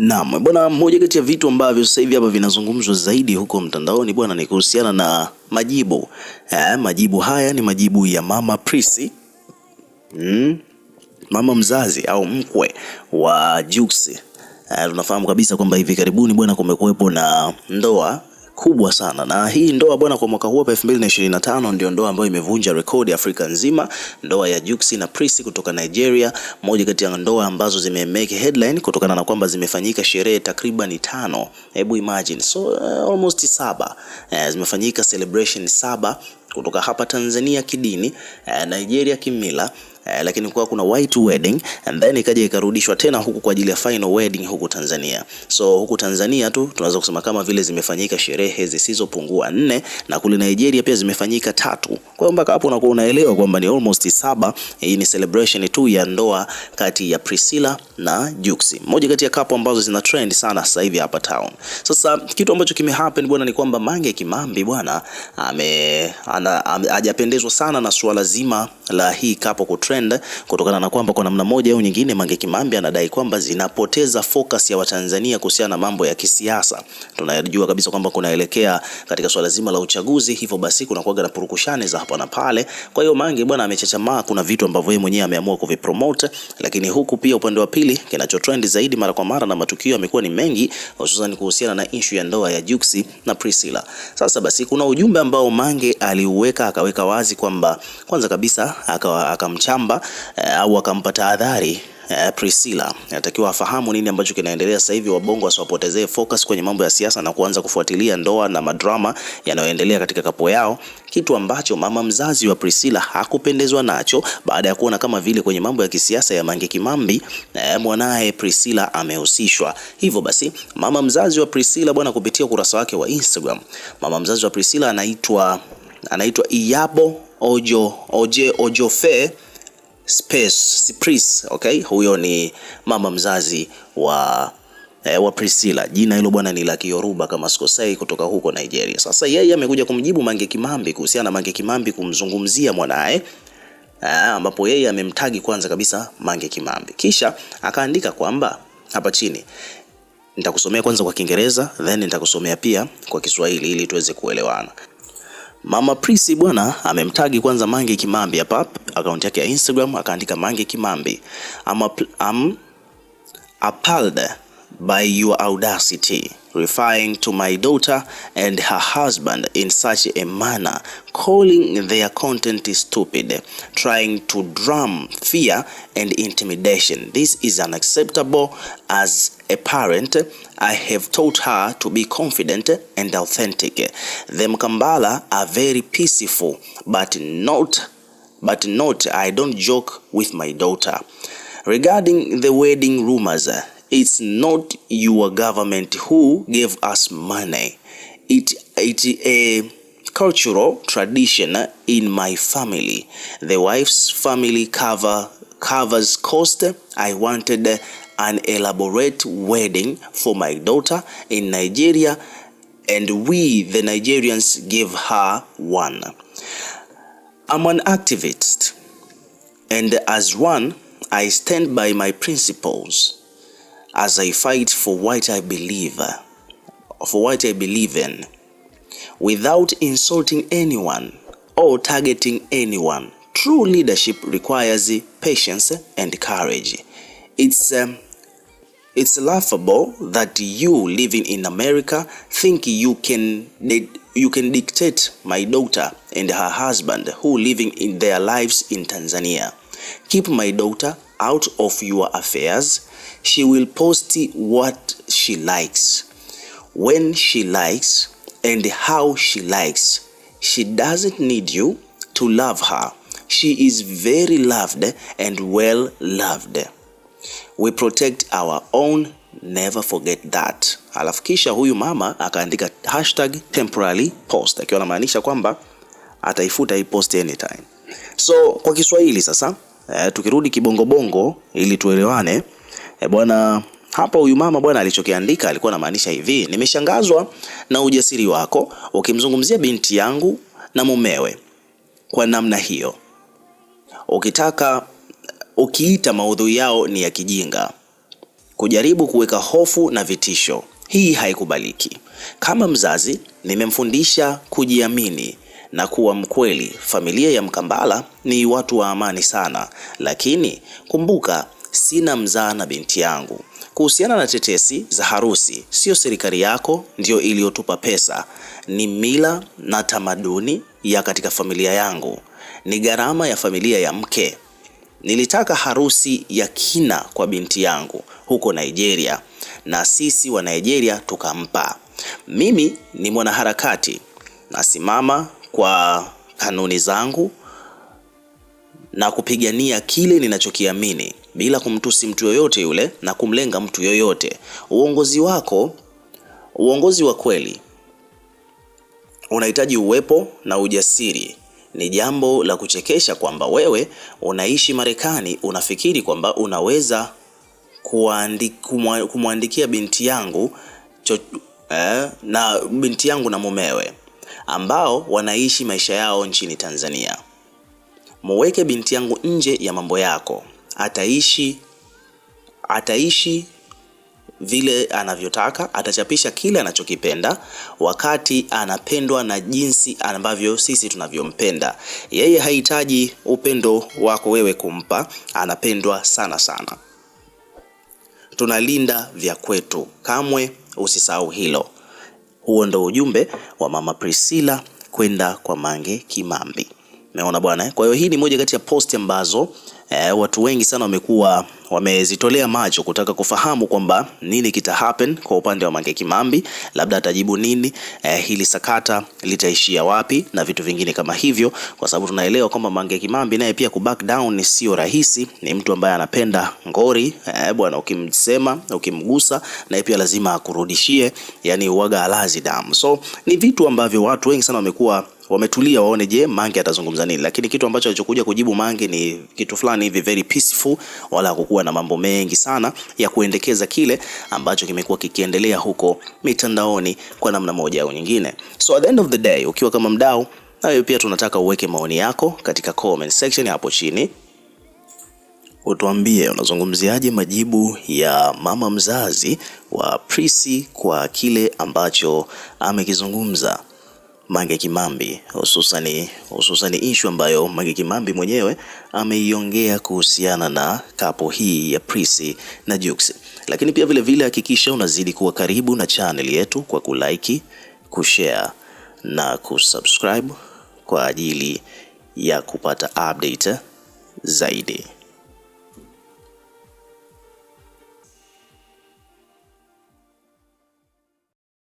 Naam, bwana, moja kati ya vitu ambavyo sasa hivi hapa vinazungumzwa zaidi huko mtandaoni bwana ni kuhusiana na majibu. Eh, majibu haya ni majibu ya Mama Prisi. Mm, mama mzazi au mkwe wa Jux. Eh, tunafahamu kabisa kwamba hivi karibuni bwana kumekuwepo na ndoa kubwa sana, na hii ndoa bwana, kwa mwaka huu hapa 2025 ndio ndoa ambayo imevunja rekodi Afrika nzima, ndoa ya Juksi na Prisi kutoka Nigeria, moja kati ya ndoa ambazo zime make headline kutokana na kwamba zimefanyika sherehe takriban tano, hebu imagine, so uh, almost saba, uh, zimefanyika celebration saba kutoka hapa Tanzania kidini, uh, Nigeria kimila eh, lakini kwa kuna white wedding and then ikaja ikarudishwa tena huku kwa ajili ya final wedding huku Tanzania. So huku Tanzania tu tunaweza kusema kama vile zimefanyika sherehe zisizopungua nne na kule Nigeria pia zimefanyika tatu. Kwa hiyo mpaka hapo unakuwa unaelewa kwamba ni almost saba. Hii ni celebration tu ya ndoa kati ya Priscilla na Jux, moja kati ya kapo ambazo zina trend sana sasa hivi hapa town. Sasa kitu ambacho kime happen bwana ni kwamba Mange Kimambi bwana ame hajapendezwa sana na suala zima la hii kapo ku trend kutokana na kwamba kwa namna moja au nyingine Mange Kimambi anadai kwamba zinapoteza focus ya Watanzania kuhusiana na mambo ya kisiasa. Tunajua kabisa kwamba kunaelekea katika swala zima la uchaguzi, hivyo basi kuna kuaga na purukushani za hapa na pale. Kwa hiyo Mange bwana amechachamaa, kuna vitu ambavyo yeye mwenyewe ameamua kuvipromote, lakini huku pia upande wa pili kinacho trend zaidi mara kwa mara na matukio yamekuwa ni mengi, hususan kuhusiana na issue ya ndoa ya Juksi na Priscilla. Sasa basi kuna ujumbe ambao Mange aliuweka akaweka wazi kwamba kwanza kabisa akamcha kwamba eh, au akampa tahadhari eh, Priscilla anatakiwa afahamu nini ambacho kinaendelea sasa hivi. Wabongo wasiwapotezee focus kwenye mambo ya siasa na kuanza kufuatilia ndoa na madrama yanayoendelea katika kapo yao, kitu ambacho mama mzazi wa Priscilla hakupendezwa nacho baada ya kuona kama vile kwenye mambo ya kisiasa ya Mange Kimambi eh, mwanaye Priscilla amehusishwa. Hivyo basi, mama mzazi wa Priscilla bwana, kupitia ukurasa wake wa Instagram, mama mzazi wa Priscilla anaitwa anaitwa Iyabo Ojo Oje Ojofe Space, Cypris, okay? Huyo ni mama mzazi wa eh, wa Priscilla. Jina hilo bwana ni la Kiyoruba kama sikosei, kutoka huko Nigeria. Sasa yeye amekuja kumjibu Mange Kimambi kuhusiana na Mange Kimambi kumzungumzia mwanae eh, ambapo yeye amemtagi kwanza kabisa Mange Kimambi, kisha akaandika kwamba hapa chini nitakusomea kwanza kwa Kiingereza then nitakusomea pia kwa Kiswahili ili tuweze kuelewana. Mama Prisi bwana amemtagi kwanza Mange Kimambi hapa akaunti yake ya Instagram akaandika Mange Kimambi ama am, apalde by your audacity, referring to my daughter and her husband in such a manner, calling their content stupid, trying to drum fear and intimidation. This is unacceptable. As a parent, I have taught her to be confident and authentic. The Mkambala are very peaceful, but not, but not, I don't joke with my daughter. Regarding the wedding rumors, It's not your government who gave us money. It, it a cultural tradition in my family. The wife's family cover covers cost. I wanted an elaborate wedding for my daughter in Nigeria and we the Nigerians give her one. I'm an activist and as one I stand by my principles as I fight for what I believe, for what I believe in, without insulting anyone or targeting anyone. True leadership requires patience and courage. It's um, it's laughable that you living in America think you can you can dictate my daughter and her husband who living in their lives in Tanzania. Keep my daughter out of your affairs she will post what she likes when she likes and how she likes she doesn't need you to love her she is very loved and well loved we protect our own never forget that alafu kisha huyu mama akaandika hashtag temporarily post akiwa anamaanisha kwamba ataifuta hii post anytime so kwa Kiswahili sasa eh, tukirudi kibongobongo ili tuelewane E bwana, hapa huyu mama bwana alichokiandika alikuwa anamaanisha hivi: nimeshangazwa na ujasiri wako ukimzungumzia binti yangu na mumewe kwa namna hiyo. Ukitaka ukiita maudhui yao ni ya kijinga, kujaribu kuweka hofu na vitisho. Hii haikubaliki. Kama mzazi, nimemfundisha kujiamini na kuwa mkweli. Familia ya Mkambala ni watu wa amani sana, lakini kumbuka sina mzaa na binti yangu. Kuhusiana na tetesi za harusi, siyo serikali yako ndio iliyotupa pesa, ni mila na tamaduni ya katika familia yangu, ni gharama ya familia ya mke. Nilitaka harusi ya kina kwa binti yangu huko Nigeria, na sisi wa Nigeria tukampa. Mimi ni mwanaharakati, nasimama kwa kanuni zangu na kupigania kile ninachokiamini bila kumtusi mtu yoyote yule na kumlenga mtu yoyote. Uongozi wako, uongozi wa kweli unahitaji uwepo na ujasiri. Ni jambo la kuchekesha kwamba wewe unaishi Marekani, unafikiri kwamba unaweza kumwandikia binti yangu cho, eh, na binti yangu na mumewe ambao wanaishi maisha yao nchini Tanzania. Muweke binti yangu nje ya mambo yako ataishi ataishi vile anavyotaka, atachapisha kile anachokipenda, wakati anapendwa na jinsi ambavyo sisi tunavyompenda yeye. Hahitaji upendo wako wewe kumpa, anapendwa sana sana. Tunalinda vya kwetu, kamwe usisahau hilo. Huo ndo ujumbe wa Mama Priscilla kwenda kwa Mange Kimambi. Umeona bwana, eh? kwa hiyo hii ni moja kati ya posti ambazo eh, watu wengi sana wamekuwa wamezitolea macho kutaka kufahamu kwamba nini kita happen kwa upande wa Mange Kimambi, labda atajibu nini eh, hili sakata litaishia wapi na vitu vingine kama hivyo, kwa sababu tunaelewa kwamba Mange Kimambi naye pia ku back down sio rahisi. Ni mtu ambaye anapenda ngori eh, bwana, ukimsema ukimgusa, naye pia lazima akurudishie, yani uaga alazi damu. So ni vitu ambavyo watu wengi sana wamekuwa wametulia waone, je, Mange atazungumza nini? Lakini kitu ambacho alichokuja kujibu Mange ni kitu fulani hivi very peaceful, wala hakukuwa na mambo mengi sana ya kuendekeza kile ambacho kimekuwa kikiendelea huko mitandaoni kwa namna moja au nyingine. So at the end of the day, ukiwa kama mdau, wewe pia tunataka uweke maoni yako katika comment section hapo chini utuambie unazungumziaje majibu ya mama mzazi wa Prisi kwa kile ambacho amekizungumza. Mange Kimambi, hususani hususani ishu ambayo Mange Kimambi mwenyewe ameiongea kuhusiana na kapo hii ya Prisi na Jux. Lakini pia vilevile hakikisha unazidi kuwa karibu na channel yetu kwa kulike, kushare na kusubscribe kwa ajili ya kupata update zaidi.